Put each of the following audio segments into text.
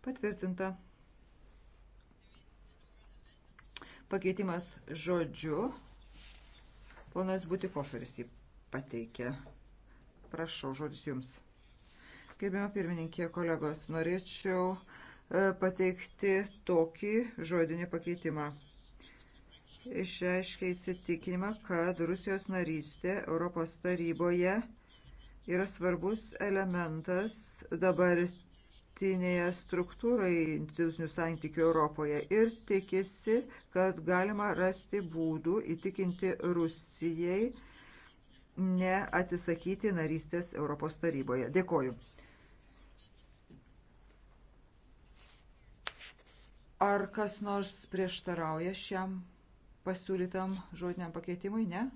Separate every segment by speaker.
Speaker 1: Patvirtinta. Pakeitimas žodžiu. Ponas Butikoferis jį pateikė. Prašau, žodis jums. Gerbimo pirmininkė, kolegos, norėčiau e, pateikti tokį žodinį pakeitimą. Išreiškia įsitikinimą, kad Rusijos narystė Europos taryboje yra svarbus elementas dabartinės dabartinėje struktūroje institucinių santykių Europoje ir tikisi, kad galima rasti būdų įtikinti Rusijai neatsisakyti narystės Europos taryboje. Dėkoju. Ar kas nors prieštarauja šiam pasiūlytam žodiniam pakeitimui? Ne?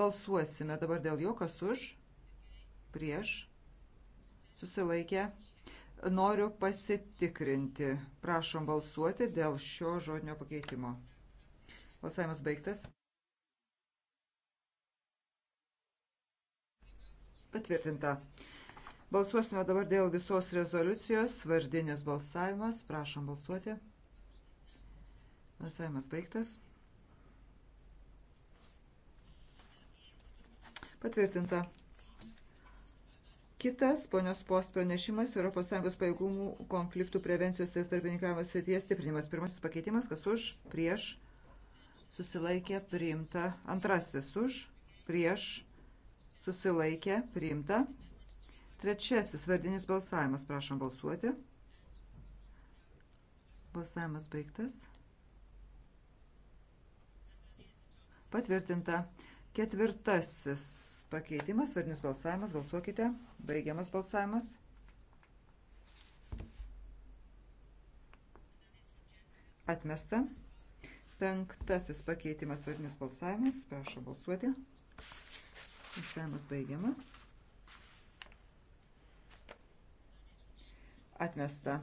Speaker 1: Balsuosime dabar dėl jo, kas už, prieš, susilaikė. Noriu pasitikrinti. Prašom balsuoti dėl šio žodinio pakeitimo. Balsavimas baigtas. Patvirtinta. Balsuosime dabar dėl visos rezoliucijos. Vardinis balsavimas. Prašom balsuoti. Balsavimas baigtas. Patvirtinta. Kitas ponios post pranešimas ES pajėgumų konfliktų prevencijos ir tarpininkavimo srityje stiprinimas. Pirmasis pakeitimas, kas už, prieš, susilaikė, priimta. Antrasis už, prieš, susilaikė, priimta. Trečiasis vardinis balsavimas, prašom balsuoti. Balsavimas baigtas. Patvirtinta. Ketvirtasis pakeitimas, vardinis balsavimas, balsuokite, baigiamas balsavimas. Atmesta. Penktasis pakeitimas, vardinis balsavimas, prašau balsuoti. Balsavimas baigiamas. Atmesta.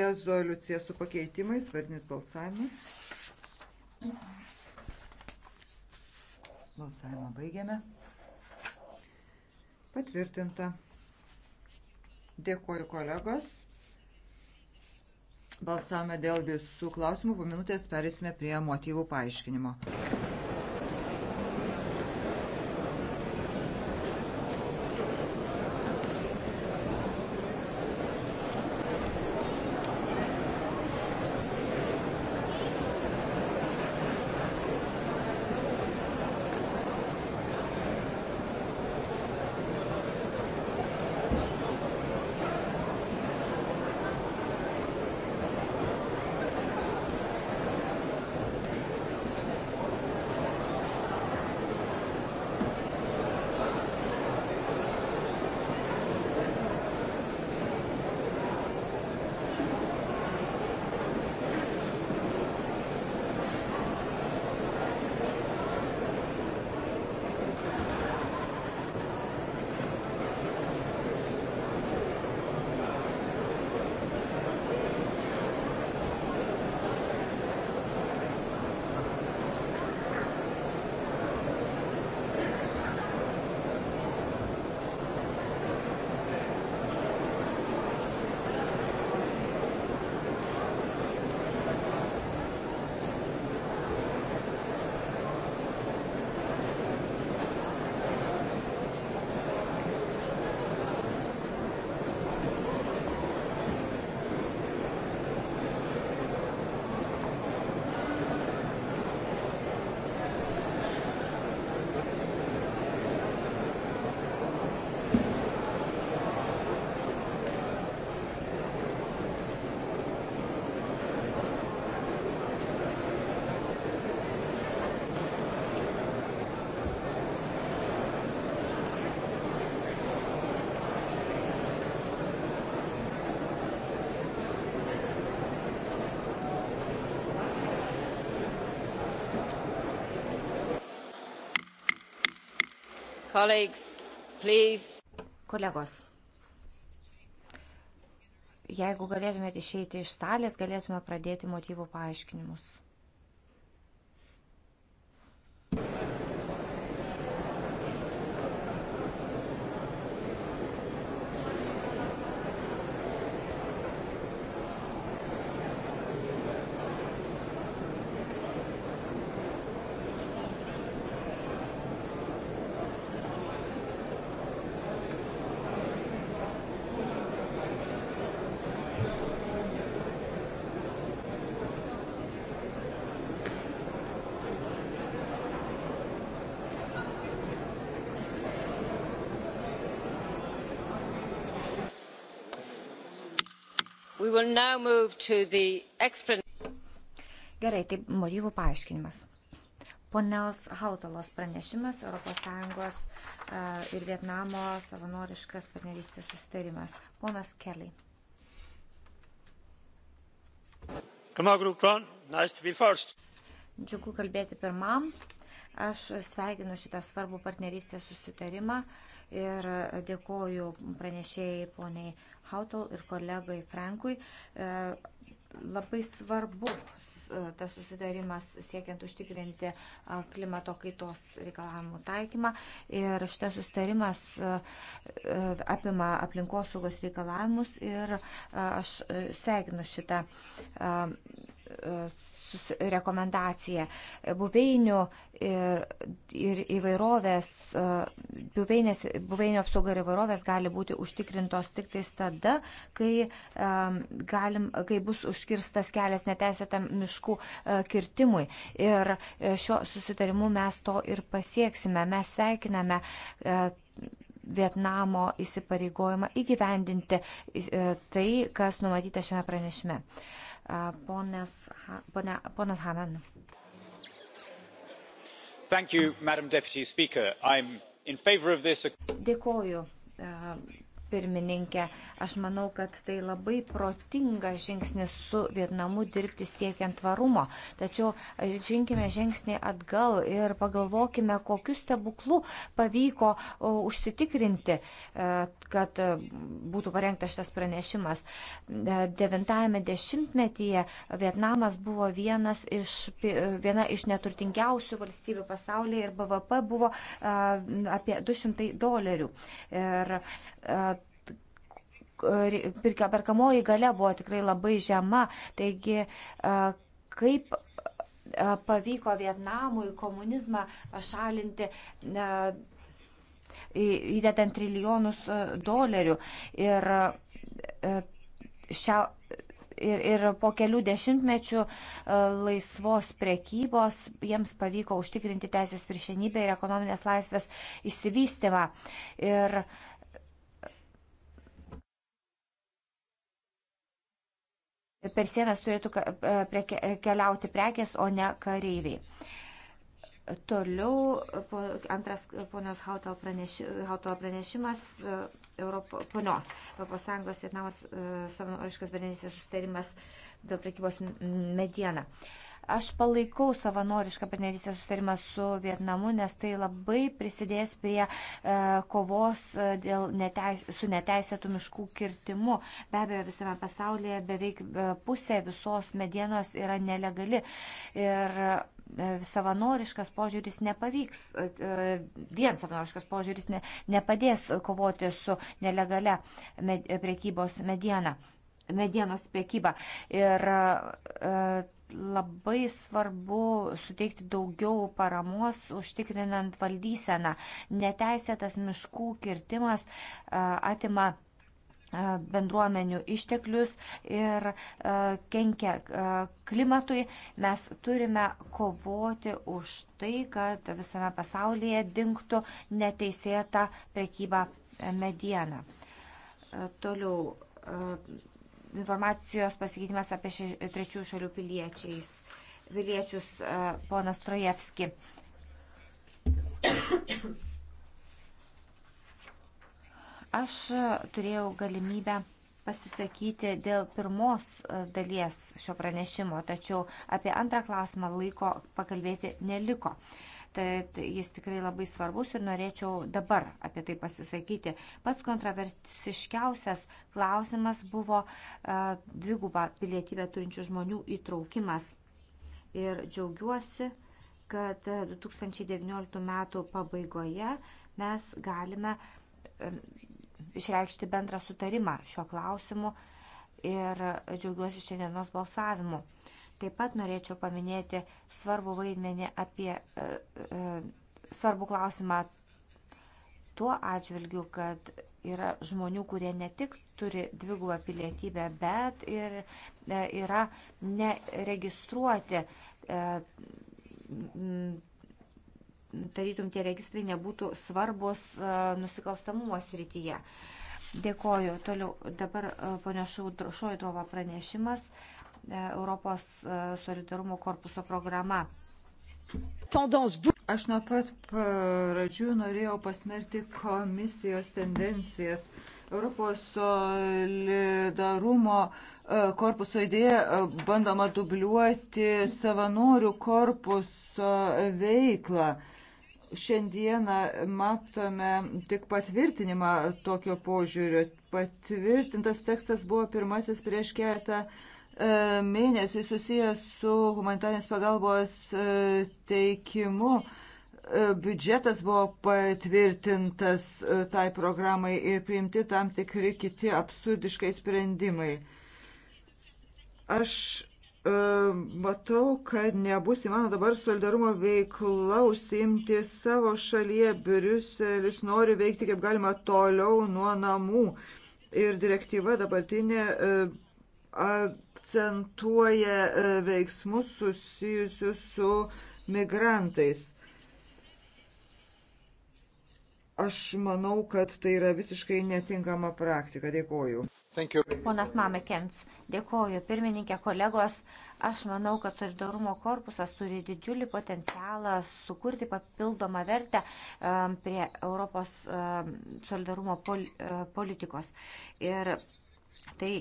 Speaker 1: Rezoliucija su pakeitimais, vardinis balsavimas. Balsavimą baigiame. Patvirtinta. Dėkoju kolegos. Balsavome dėl visų klausimų. Po minutės perėsime prie motyvų paaiškinimo.
Speaker 2: Kolegos, jeigu galėtumėte išeiti iš salės, galėtume pradėti motyvų paaiškinimus. Gerai, tai motyvų paaiškinimas. Ponios Hautalos pranešimas ES e, ir Vietnamo savanoriškas partnerystės susitarimas. Ponas Kelly. Džiugu kalbėti pirmam. Aš sveikinu šitą svarbų partnerystės susitarimą ir dėkoju pranešėjai poniai Hautol ir kolegai Frankui. E, labai svarbus e, tas susidarimas siekiant užtikrinti klimato kaitos reikalavimų taikymą. Ir šitas susidarimas e, apima aplinkosaugos reikalavimus ir aš sveikinu šitą E, rekomendacija. Buveinių ir, ir įvairovės, e, buveinės, buveinių apsauga ir įvairovės gali būti užtikrintos tik tais tada, kai, e, galim, kai bus užkirstas kelias neteisėtam miškų kirtimui. Ir šio susitarimu mes to ir pasieksime. Mes sveikiname. Vietnamo įsipareigojimą įgyvendinti tai, kas numatyta šiame pranešime. Uh, Ponas, pone, ponas Hanan. You, madam president i'm in favour of this. dėkoju pirmininkė. Aš manau, kad tai labai protingas žingsnis su Vietnamu dirbti siekiant tvarumo. Tačiau e, žinkime žingsnį atgal ir pagalvokime, kokiu stebuklu pavyko e, užsitikrinti, e, kad būtų parengtas šitas pranešimas. Devintajame dešimtmetyje Vietnamas buvo vienas iš, viena iš neturtingiausių valstybių pasaulyje ir BVP buvo apie 200 dolerių. Ir perkamoji gale buvo tikrai labai žema. Taigi, kaip pavyko Vietnamui komunizmą pašalinti įdedant trilijonus dolerių. Ir, šia, ir, ir po kelių dešimtmečių laisvos priekybos jiems pavyko užtikrinti teisės viršenybę ir ekonominės laisvės įsivystimą. Ir uh, per sienas turėtų e, keliauti prekės, o ne kareiviai. Toliau po, antras ponios Hauto, praneši, Hauto pranešimas e, Europo, ponios Europos Sąjungos Vietnamos e, savanoriškas benedicės sustarimas dėl prekybos medieną. Uh, Aš palaikau savanorišką partnerystės sustarimą su Vietnamu, nes tai labai prisidės prie e, kovos e, neteis, su neteisėtų miškų kirtimu. Be abejo, visame pasaulyje beveik e, pusė visos medienos yra nelegali. Ir savanoriškas požiūris nepavyks, vien savanoriškas požiūris ne, nepadės kovoti su nelegale med, priekybos mediena, medienos priekyba. Ir labai svarbu suteikti daugiau paramos užtikrinant valdyseną. Neteisėtas miškų kirtimas e, atima e, bendruomenių išteklius ir e, kenkia klimatui. Mes turime kovoti už tai, kad visame pasaulyje dinktų neteisėta prekyba mediena. Toliau informacijos pasikeitimas apie ši, trečių šalių piliečiais, piliečius e, ponas Trojevski. Aš e, turėjau galimybę pasisakyti dėl pirmos e, dalies šio pranešimo, tačiau apie antrą klausimą laiko pakalbėti neliko tad jis tikrai labai svarbus ir norėčiau dabar apie tai pasisakyti. Pats kontroversiškiausias klausimas buvo e, dvigubą pilietybę turinčių žmonių įtraukimas. Ir džiaugiuosi, kad 2019 metų pabaigoje mes galime e, išreikšti bendrą sutarimą šiuo klausimu ir džiaugiuosi šiandienos balsavimu. Taip pat norėčiau paminėti svarbų vaidmenį apie e, e, svarbų klausimą tuo atžvilgiu, kad yra žmonių, kurie ne tik turi dvigubą pilietybę, bet ir e, yra neregistruoti. E, tarytum tie registrai nebūtų svarbus e, nusikalstamumo srityje. Dėkoju. Toliau dabar e, ponia Šoidrova pranešimas. E, E, Europos
Speaker 1: e, solidarumo korpuso programa. Aš nuo pat pradžių norėjau pasmerti komisijos tendencijas. Europos solidarumo e, korpuso idėja bandoma dubliuoti savanorių korpuso veiklą. Šiandieną matome tik patvirtinimą tokio požiūrio. Patvirtintas tekstas buvo pirmasis prieš keletą metų E, mėnesį susijęs su humanitarės pagalbos e, teikimu. E, biudžetas buvo patvirtintas tai programai ir priimti tam tikri kiti absurdiškai sprendimai. Aš matau, kad nebus įmanoma dabar solidarumo veikla užsiimti savo šalyje. Briuselis nori veikti kaip galima toliau nuo namų. Ir direktyva dabartinė akcentuoja e, veiksmus susijusius su migrantais. Aš manau, kad tai yra visiškai netinkama praktika. Dėkoju. Ponas
Speaker 2: Mamekens, dėkoju. Pirmininkė, kolegos, aš manau, kad solidarumo korpusas turi didžiulį potencialą sukurti papildomą vertę um, prie Europos um, solidarumo uh, politikos. Ir tai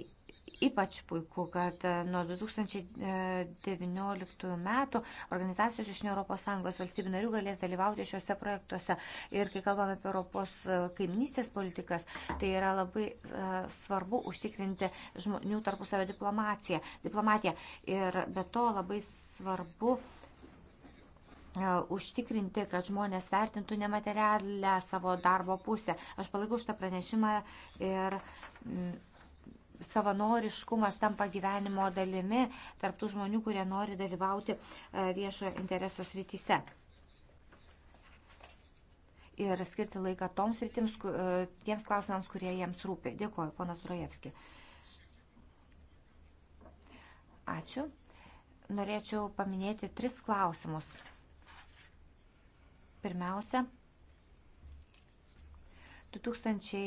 Speaker 2: Ypač puiku, kad e, nuo 2019 e, metų organizacijos iš ES valstybių narių galės dalyvauti šiuose projektuose. Ir kai kalbame apie Europos e, kaiminystės politikas, tai yra labai svarbu užtikrinti žmonių tarpusavio diplomatiją. Ir be to labai svarbu užtikrinti, kad žmonės vertintų nematerialę savo darbo pusę. Aš palaikau šitą pranešimą ir savanoriškumas tampa gyvenimo dalimi tarptų žmonių, kurie nori dalyvauti e, viešojo intereso srityse. Ir skirti laiką toms rytims, e, tiems klausimams, kurie jiems rūpi. Dėkuoju, ponas Rojevski. Ačiū. Norėčiau paminėti tris klausimus. Pirmiausia, 2000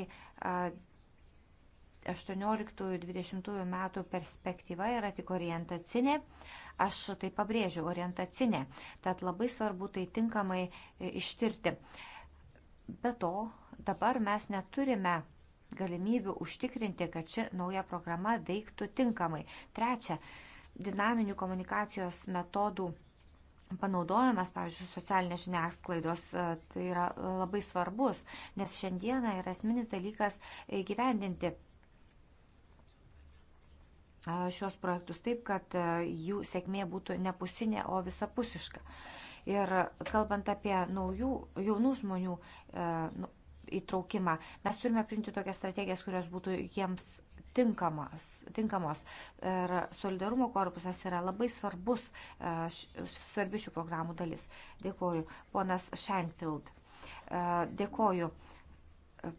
Speaker 2: 18-20 metų perspektyva yra tik orientacinė. Aš tai pabrėžiu, orientacinė. Tad labai svarbu tai tinkamai e, ištirti. Be to, dabar mes neturime galimybių užtikrinti, kad ši nauja programa veiktų tinkamai. Trečia, dinaminių komunikacijos metodų panaudojimas, pavyzdžiui, socialinės žiniasklaidos, e, tai yra e, labai svarbus, nes šiandieną yra esminis dalykas įgyvendinti šios projektus taip, kad jų sėkmė būtų ne pusinė, o visapusiška. Ir kalbant apie naujų, jaunų žmonių nu, įtraukimą, mes turime priimti tokias strategijas, kurios būtų jiems tinkamos. tinkamos. Ir solidarumo korpusas yra labai svarbus, svarbi šių programų dalis. Dėkoju, ponas Shenfield. Dėkoju,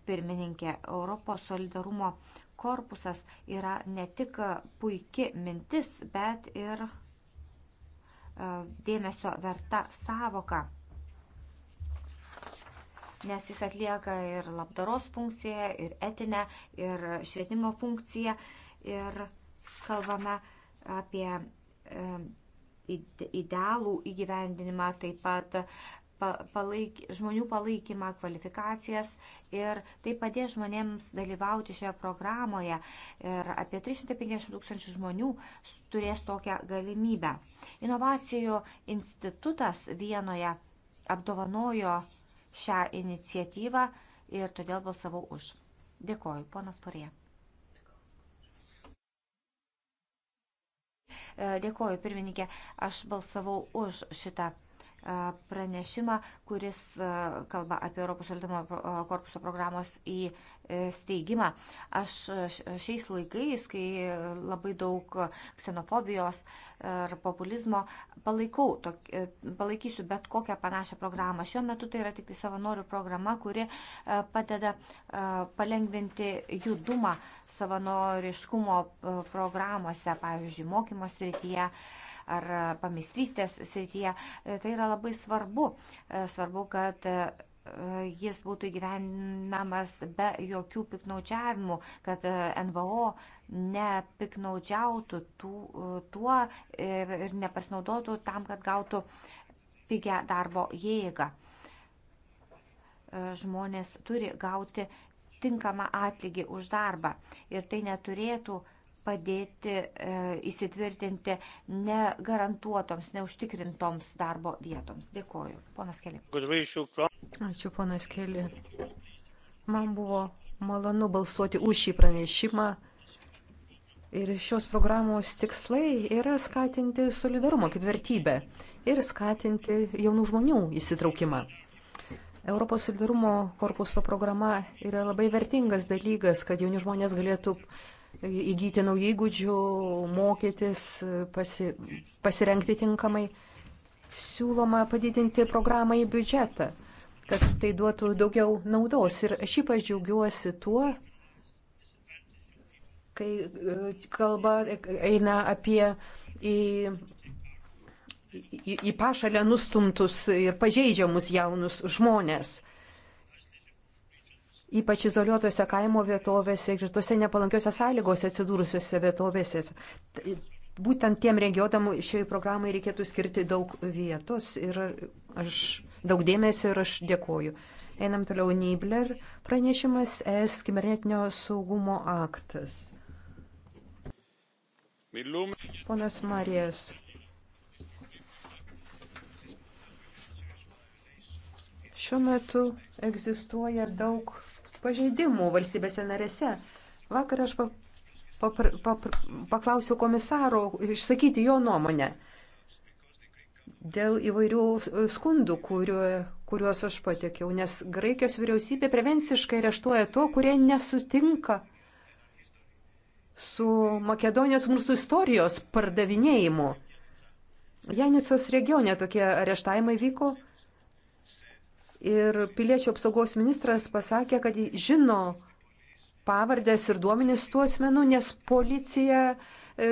Speaker 2: pirmininkė, Europos solidarumo korpusas korpusas yra ne tik puiki mintis, bet ir e, dėmesio verta savoka nes jis atlieka ir labdaros funkciją, ir etinę, ir švietimo funkciją. Ir kalbame apie e, idealų įgyvendinimą, taip pat palaik, žmonių palaikymą, kvalifikacijas ir tai padės žmonėms dalyvauti šioje programoje. Ir apie 350 tūkstančių žmonių turės tokią galimybę. Inovacijų institutas Vienoje apdovanojo šią iniciatyvą ir todėl balsavau už. Dėkoju, ponas Porė. E, dėkoju, pirmininkė, aš balsavau už šitą pranešimą, kuris kalba apie Europos valdymo korpuso programos įsteigimą. E, Aš šiais laikais, kai labai daug ksenofobijos ir populizmo, palaikau, e, palaikysiu bet kokią panašią programą. Šiuo metu tai yra tik tai savanorių programa, kuri padeda palengvinti judumą savanoriškumo programuose, pavyzdžiui, mokymo srityje ar pamistrystės srityje. Tai yra labai svarbu. Svarbu, kad e, jis būtų įgyvendinamas be jokių piknaudžiavimų, kad e, NVO nepiknaudžiautų e, tuo ir nepasinaudotų tam, kad gautų pigę darbo jėgą. Žmonės turi gauti tinkamą atlygį už darbą ir tai neturėtų uh, padėti e, įsitvirtinti negarantuotoms, neužtikrintoms darbo vietoms. Dėkoju. Ponas Keli. Ačiū, ponas Keli. Man buvo malonu balsuoti už šį
Speaker 3: pranešimą. Ir šios programos tikslai yra skatinti solidarumą kaip vertybę ir skatinti jaunų žmonių įsitraukimą. Europos solidarumo korpuso programa yra labai vertingas dalykas, kad jauni žmonės galėtų įgyti naujų įgūdžių, mokytis, pasi, pasirenkti tinkamai. Siūloma padidinti programą į biudžetą, kad tai duotų daugiau naudos. Ir aš ypač džiaugiuosi tuo, kai e, kalba eina apie į, į, į pašalę nustumtus ir pažeidžiamus jaunus žmonės ypač izoliuotose kaimo vietovėse ir tose nepalankiose sąlygose atsidūrusiose vietovėse. Būtent tiem regionam šiai programai reikėtų skirti daug vietos ir aš daug dėmesio ir aš dėkoju. Einam toliau Nibler. Pranešimas es kibernetinio saugumo aktas. Ponas Marijas. Šiuo metu egzistuoja daug pažeidimų valstybėse narėse. Vakar aš papr, papr, paklausiau komisaro išsakyti jo nuomonę dėl įvairių skundų, kuriuo, kuriuos aš patekiau, nes Graikijos vyriausybė prevenciškai reštuoja to, kurie nesutinka su Makedonijos mūsų istorijos pardavinėjimu. Janicos regione tokie areštavimai vyko ir piliečių apsaugos ministras pasakė, kad žino pavardės ir duomenis tų asmenų, nes policija e,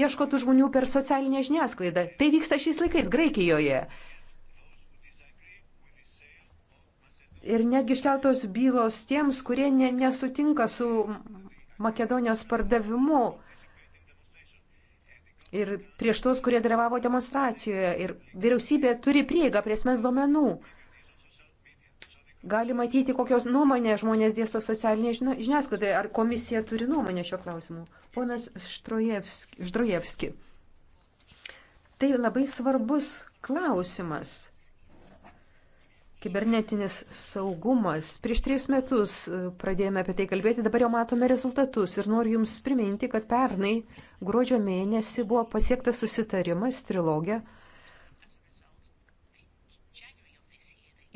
Speaker 3: ieško tų žmonių per socialinę žiniasklaidą. Tai vyksta šiais laikais Graikijoje. Ir netgi iškeltos bylos tiems, kurie ne, nesutinka su Makedonijos pardavimu. Ir prieš tos, kurie dalyvavo demonstracijoje. Ir vyriausybė turi prieigą prie esmės duomenų gali matyti, kokios nuomonės žmonės dėsto socialinėje žiniasklaidoje. Ar komisija turi nuomonę šio klausimu? Ponas Štrojevski. Tai labai svarbus klausimas. Kibernetinis saugumas. Prieš trejus metus e, pradėjome apie tai kalbėti, dabar jau matome rezultatus ir noriu Jums priminti, kad pernai gruodžio mėnesį buvo pasiektas susitarimas trilogija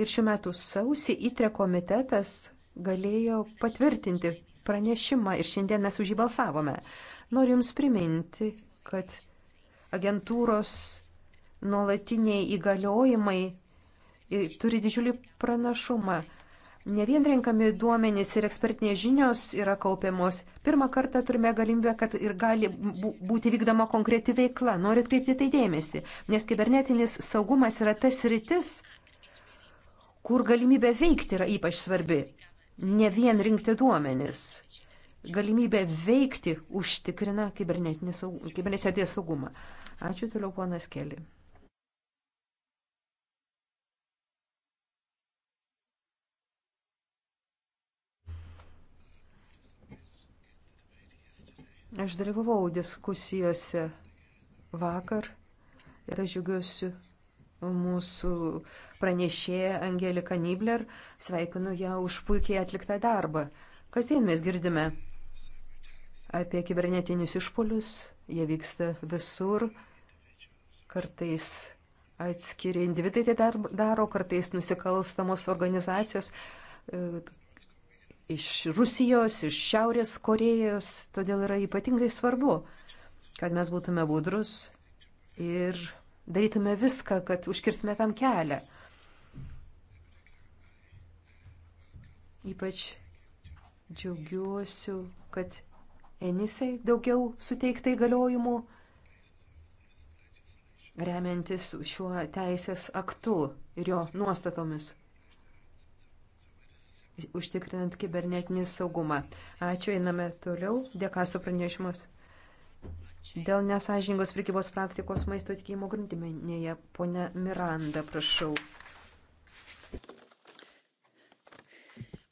Speaker 3: Ir šiuo metu sausį įtre komitetas galėjo patvirtinti pranešimą ir šiandien mes už jį balsavome. Noriu Jums priminti, kad agentūros nuolatiniai įgaliojimai turi didžiulį pranašumą. Ne vien renkami duomenys ir ekspertinės žinios yra kaupiamos. Pirmą kartą turime galimybę, kad ir gali būti vykdoma konkreti veikla. Noriu atkreipti tai dėmesį, nes kibernetinis saugumas yra tas rytis, kur galimybė veikti yra ypač svarbi. Ne vien rinkti duomenis. Galimybė veikti užtikrina kibernetinį saugumą. Kibernetinį saugumą. Ačiū toliau, ponas Keli. Aš dalyvavau diskusijose vakar ir aš žiūgiuosiu mūsų pranešėja Angelika Nibler. Sveikinu ją už puikiai atliktą darbą. Kasdien mes girdime apie kibernetinius išpolius, jie vyksta visur, kartais atskiri individai tai dar, daro, kartais nusikalstamos organizacijos e, iš Rusijos, iš Šiaurės Korejos, todėl yra ypatingai svarbu, kad mes būtume budrus ir darytume viską, kad užkirsime tam kelią. Ypač džiaugiuosi, kad Enisai daugiau suteikta įgaliojimų remiantis šiuo teisės aktu ir jo nuostatomis užtikrinant kibernetinį saugumą. Ačiū, einame toliau. Dėka su pranešimus. Dėl nesažingos prikybos praktikos maisto tikėjimo grandinėje, ponia Miranda, prašau.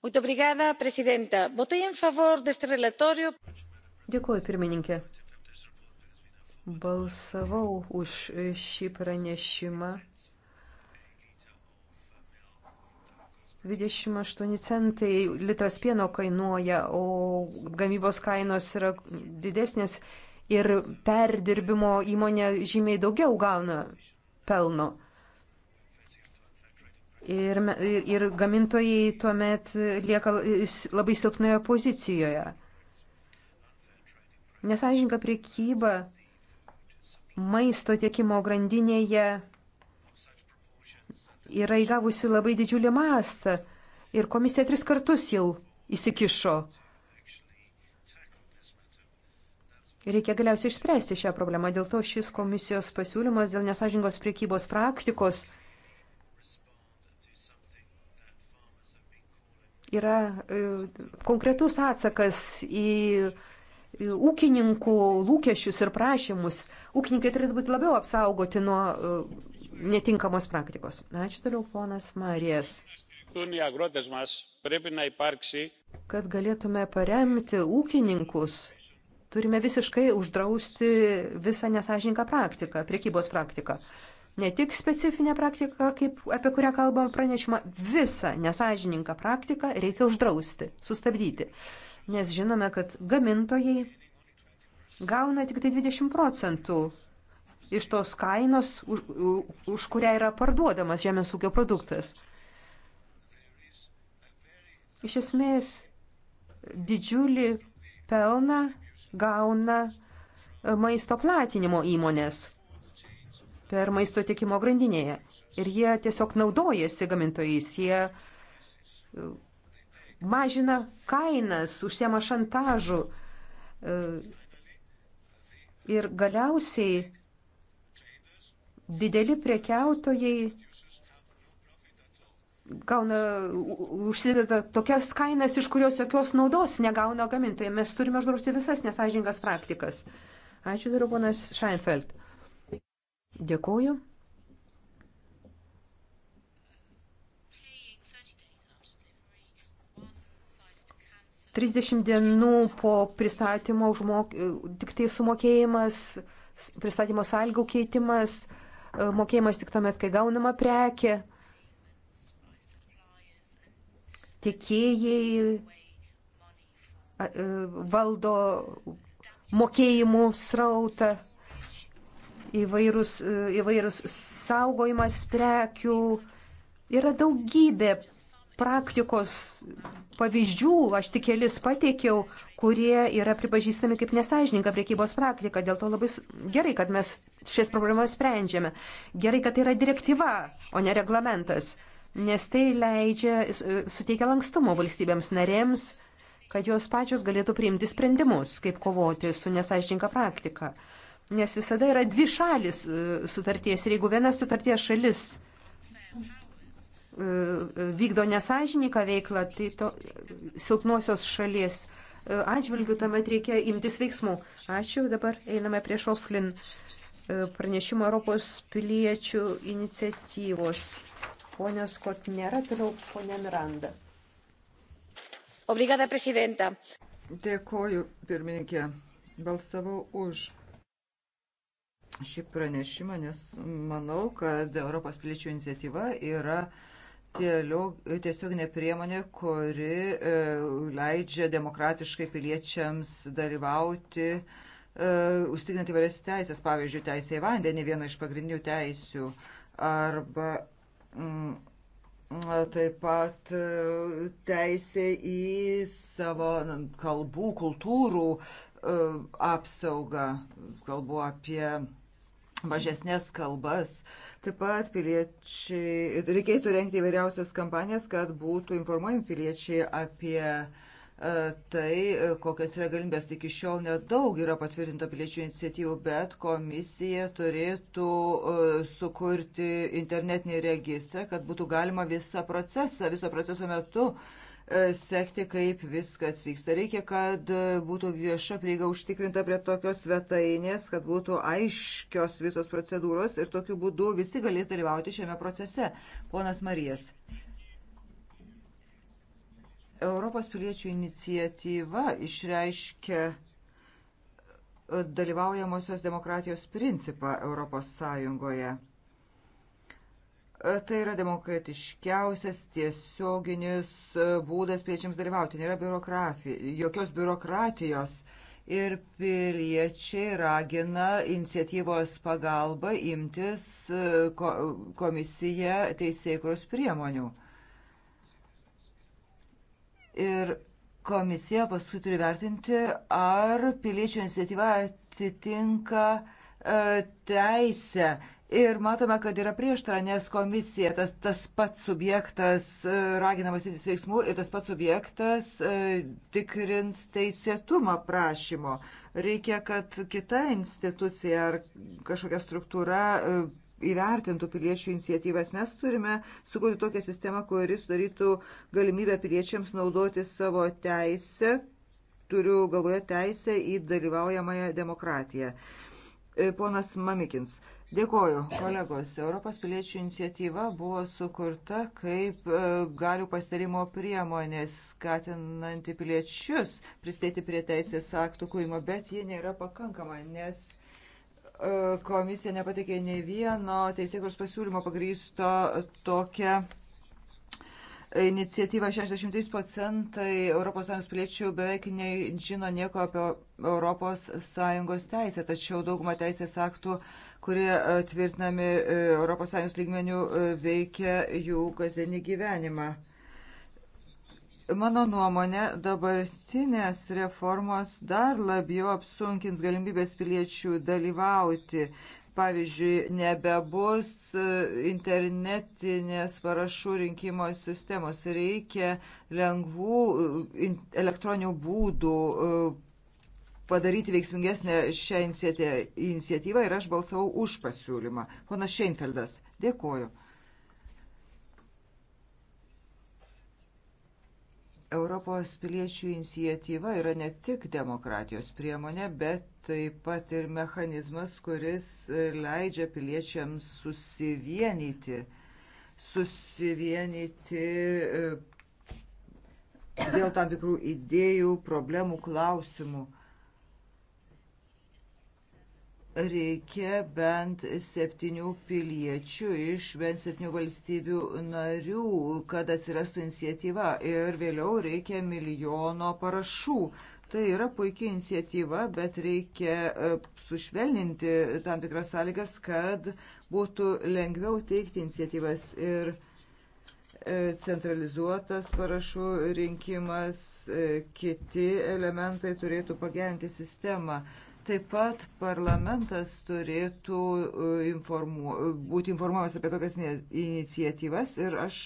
Speaker 3: Obrigada, presidenta. Votai in favor de este relatorio. Dėkuoju, pirmininkė. Balsavau už šį pranešimą. 28 centai litras pieno kainuoja, o gamybos kainos yra didesnės ir perdirbimo įmonė žymiai daugiau gauna pelno. Ir, ir, ir gamintojai tuomet lieka labai silpnoje pozicijoje. Nesažinka priekyba maisto tiekimo grandinėje yra įgavusi labai didžiulį mastą ir komisija tris kartus jau įsikišo Reikia galiausiai išspręsti šią problemą. Dėl to šis komisijos pasiūlymas dėl nesažingos priekybos praktikos yra e, konkretus atsakas į ūkininkų lūkesčius ir prašymus. Ūkininkai turėtų būti labiau apsaugoti nuo e, netinkamos praktikos. Ačiū toliau, ponas Marijas. Kad galėtume paremti ūkininkus, Turime visiškai uždrausti visą nesažininką praktiką, priekybos praktiką. Ne tik specifinę praktiką, kaip, apie kurią kalbam pranešimą, visą nesažininką praktiką reikia uždrausti, sustabdyti. Nes žinome, kad gamintojai gauna tik tai 20 procentų iš tos kainos, už, už kurią yra parduodamas žemės ūkio produktas. Iš esmės, didžiulį pelną gauna e, maisto platinimo įmonės per maisto tiekimo grandinėje. Ir jie tiesiog naudojasi gamintojais, jie e, mažina kainas, užsiema šantažų. E, ir galiausiai dideli prekiautojai gauna, užsideda tokias kainas, iš kurios jokios naudos negauna gamintojai. Mes turime uždrausti visas nesažingas praktikas. Ačiū dar, ponas Scheinfeld. Dėkuoju. Trisdešimt dienų po pristatymo užmok... tik tai sumokėjimas, pristatymo sąlygų keitimas, mokėjimas tik tuomet, kai gaunama prekė tikėjai e, valdo mokėjimų srautą, įvairūs, e, įvairūs saugojimas prekių. Yra daugybė praktikos pavyzdžių, aš tik kelis pateikiau, kurie yra pripažįstami kaip nesažininka priekybos praktika. Dėl to labai gerai, kad mes šias problemas sprendžiame. Gerai, kad tai yra direktyva, o ne reglamentas nes tai leidžia, e, suteikia lankstumo valstybėms narėms, kad jos pačios galėtų priimti sprendimus, kaip kovoti su nesaižinka praktika. Nes visada yra dvi šalis e, sutarties ir jeigu viena sutarties šalis e, vykdo nesažininką veiklą, tai to silpnosios šalies atžvilgių tuomet reikia imtis veiksmų. Ačiū, dabar einame prie Šoflin pranešimo Europos piliečių iniciatyvos ponios Kot nėra, toliau ponia Miranda. Obrigada,
Speaker 1: prezidenta. Dėkoju, pirmininkė. Balsavau už šį pranešimą, nes manau, kad Europos piliečių iniciatyva yra tiesioginė priemonė, kuri e, leidžia demokratiškai piliečiams dalyvauti, e, užtikrinti įvairias teisės, pavyzdžiui, teisė į vandenį, viena iš pagrindinių teisių, arba Mm, taip pat e, teisė į savo kalbų, kultūrų e, apsaugą, kalbu apie mažesnės kalbas. Taip pat piliečiai, reikėtų renkti įvairiausias kampanijas, kad būtų informuojami piliečiai apie uh, tai, kokios yra galimybės. Iki šiol nedaug yra patvirtinta piliečių iniciatyvų, bet komisija turėtų e, sukurti internetinį registrą, kad būtų galima visą procesą, viso proceso metu e, sekti, kaip viskas vyksta. Reikia, kad būtų vieša prieiga užtikrinta prie tokios svetainės, kad būtų aiškios visos procedūros ir tokiu būdu visi galės dalyvauti šiame procese. Ponas Marijas. Europos piliečių iniciatyva išreiškia e, dalyvaujamosios demokratijos principą Europos Sąjungoje. E, tai yra demokratiškiausias tiesioginis e, būdas piliečiams dalyvauti. Nėra jokios biurokratijos. Ir piliečiai ragina iniciatyvos pagalba imtis komisiją teisėkros priemonių. Ir komisija paskui turi vertinti, ar piliečių iniciatyva atitinka e, teisę. Ir matome, kad yra prieštara, nes komisija, tas, tas pats subjektas e, raginamas imtis veiksmų ir tas pats subjektas e, tikrins teisėtumą prašymo. Reikia, kad kita institucija ar kažkokia struktūra e, įvertintų piliečių iniciatyvas. Mes turime sukurti tokią sistemą, kuris darytų galimybę piliečiams naudoti savo teisę, turiu galvoje teisę į dalyvaujamąją demokratiją. E, ponas Mamikins, dėkoju kolegos. Europos piliečių iniciatyva buvo sukurta kaip e, galių pasitarimo priemonė skatinanti piliečius pristėti prie teisės aktų kūrimo, bet ji nėra pakankama, nes komisija nepatikė ne vieno teisėkos pasiūlymo pagrįsto tokią iniciatyvą 60 procentai ES piliečių beveik nežino nieko apie ES teisę, tačiau dauguma teisės aktų, kurie e, tvirtinami ES lygmenių, e, veikia jų kasdienį gyvenimą. Mano nuomonė, dabartinės reformos dar labiau apsunkins galimybės piliečių dalyvauti. Pavyzdžiui, nebebus e, internetinės parašų rinkimo sistemos. Reikia lengvų e, elektroninių būdų e, padaryti veiksmingesnę šią iniciatyvą ir aš balsavau už pasiūlymą. Ponas Šeinfeldas, dėkoju. Europos piliečių inicijatyva yra ne tik demokratijos priemonė, bet taip pat ir mechanizmas, kuris leidžia piliečiams susivienyti, susivienyti e, dėl tam tikrų idėjų, problemų, klausimų reikia bent septynių piliečių iš bent septynių valstybių narių, kad atsirastų iniciatyva ir vėliau reikia milijono parašų. Tai yra puikia iniciatyva, bet reikia e, sušvelninti tam tikras sąlygas, kad būtų lengviau teikti iniciatyvas ir e, centralizuotas parašų rinkimas, e, kiti elementai turėtų pagerinti sistemą Taip pat parlamentas turėtų e, informu, būti informuojamas apie tokias iniciatyvas ir aš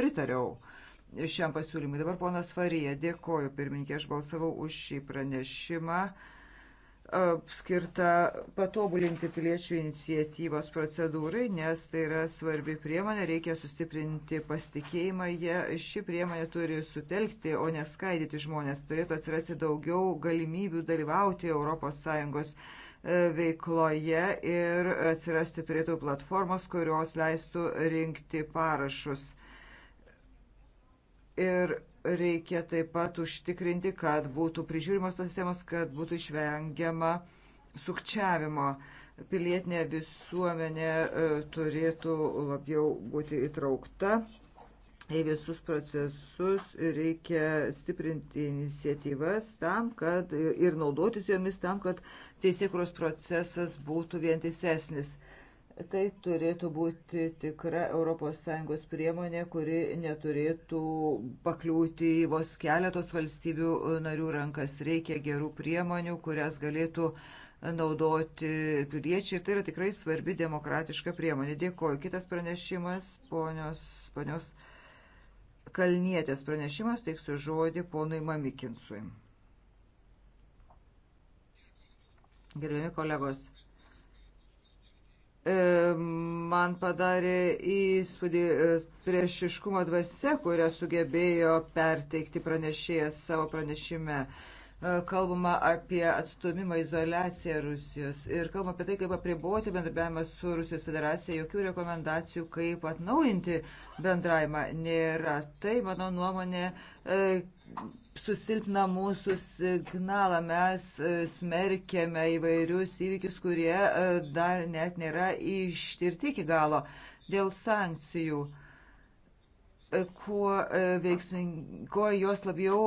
Speaker 1: pritariau šiam pasiūlymui. Dabar ponas Farija, dėkoju pirmininkė, aš balsavau už šį pranešimą skirta patobulinti piliečių iniciatyvos procedūrai, nes tai yra svarbi priemonė, reikia sustiprinti pasitikėjimą. Jie, ši priemonė turi sutelkti, o neskaidyti žmonės. Turėtų atsirasti daugiau galimybių dalyvauti ES e, veikloje ir atsirasti turėtų platformos, kurios leistų rinkti parašus. Ir reikia taip pat užtikrinti, kad būtų prižiūrimos tos sistemos, kad būtų išvengiama sukčiavimo. Pilietinė visuomenė e, turėtų labiau būti įtraukta į visus procesus reikia stiprinti iniciatyvas tam, kad ir naudotis jomis tam, kad teisėkros procesas būtų vientisesnis. Tai turėtų būti tikra ES priemonė, kuri neturėtų pakliūti į vos keletos valstybių narių rankas. Reikia gerų priemonių, kurias galėtų naudoti piliečiai. Tai yra tikrai svarbi demokratiška priemonė. Dėkoju. Kitas pranešimas, ponios, ponios Kalnietės pranešimas, teiksiu žodį ponui Mamikinsui. Gerbiami kolegos. E, man padarė įspūdį e, priešiškumo dvasia, kurią sugebėjo perteikti pranešėjas savo pranešime. E, kalbama apie atstumimą, izolaciją Rusijos ir kalbama apie tai, kaip apriboti bendrabiavimą su Rusijos federacija. Jokių rekomendacijų, kaip atnaujinti bendraimą nėra. Tai, mano nuomonė, susilpna mūsų signalą. Mes e, smerkėme įvairius įvykius, kurie e, dar net nėra ištirti iki galo dėl sankcijų. E, kuo, veiksmin, kuo jos labiau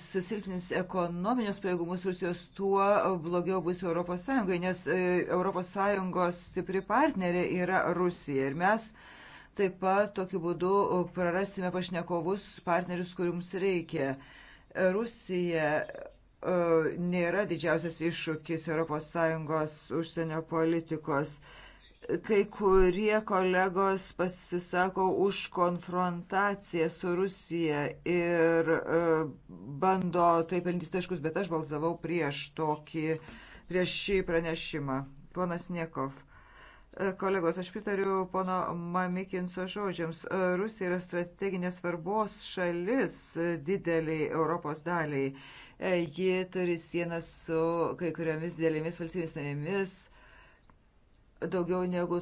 Speaker 1: susilpnins ekonominius pajėgumus Rusijos, tuo blogiau bus ES, nes ES stipri partnerė yra Rusija. Ir mes uh, Taip pat tokiu būdu prarasime pašnekovus, partnerius, kuriums reikia. Rusija nėra didžiausias iššūkis ES užsienio politikos. Kai kurie kolegos pasisako už konfrontaciją su Rusija ir bando taip elgtis taškus, bet aš balsavau prieš tokį, prieš šį pranešimą. Ponas Niekov. E, kolegos, aš pritariu pono Mamikinso žodžiams. E, Rusija yra strateginės svarbos šalis e, dideliai Europos daliai. Ji turi sieną su kai kuriomis dėlėmis valstybės narėmis. Daugiau negu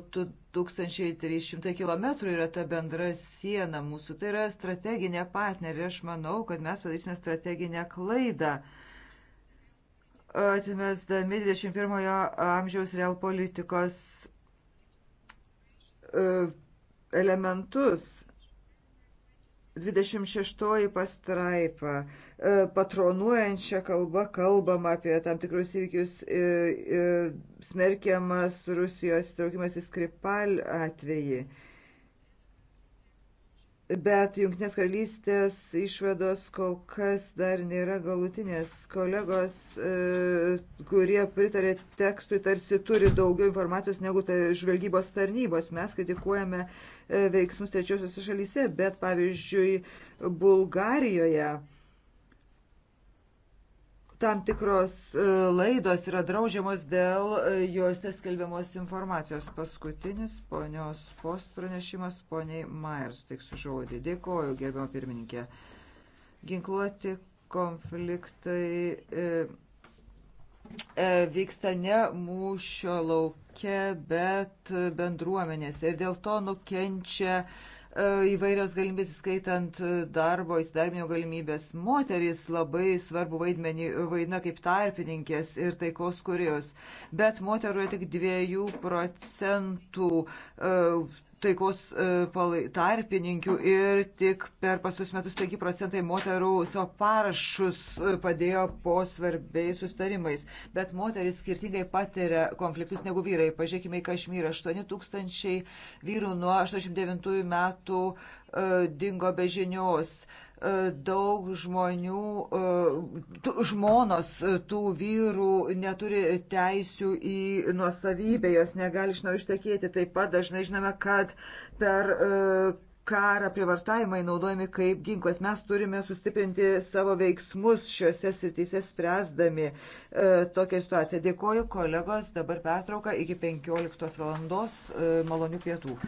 Speaker 1: 1300 km yra ta bendra siena mūsų. Tai yra strateginė partnerė. Aš manau, kad mes padarysime strateginę klaidą atmesdami 21 amžiaus real politikos E, elementus. 26 pastraipa e, patronuojančią kalbą kalbama apie tam tikrus įvykius e, smerkiamas Rusijos įtraukimas į Skripal atvejį. Bet Junktinės karalystės išvados kol kas dar nėra galutinės. Kolegos, e, kurie pritarė tekstui, tarsi turi daugiau informacijos negu tai žvalgybos tarnybos. Mes kritikuojame e, veiksmus trečiosios šalyse, bet pavyzdžiui, Bulgarijoje tam tikros e, laidos yra draudžiamos dėl e, juose skelbiamos informacijos. Paskutinis ponios post pranešimas poniai Myers, tik su žodį. Dėkoju, gerbiamo pirmininkė. Ginkluoti konfliktai e, e, vyksta ne mūšio lauke, bet bendruomenėse ir dėl to nukenčia e, E, įvairios galimybės, skaitant e, darbo įsidarbinio galimybės. Moterys labai svarbu vaidmenį vaidina kaip tarpininkės ir taikos kurijos, bet moterų yra tik 2 procentų e, taikos e, tarpininkių ir tik per pasus metus 5 procentai moterų savo parašus e, padėjo po svarbiais sustarimais. Bet moteris skirtingai patiria konfliktus negu vyrai. Pažiūrėkime į Kašmyrą. 8 tūkstančiai vyrų nuo 89 metų e, dingo be žinios daug žmonių, e, žmonos e, tų vyrų neturi teisių į nuosavybę, jos negali iš naujo ištekėti. Taip pat dažnai žinome, kad per e, karą privartavimai naudojami kaip ginklas. Mes turime sustiprinti savo veiksmus šiuose srityse spręsdami e, tokią situaciją. Dėkoju kolegos, dabar pertrauka iki 15 valandos e, malonių pietų.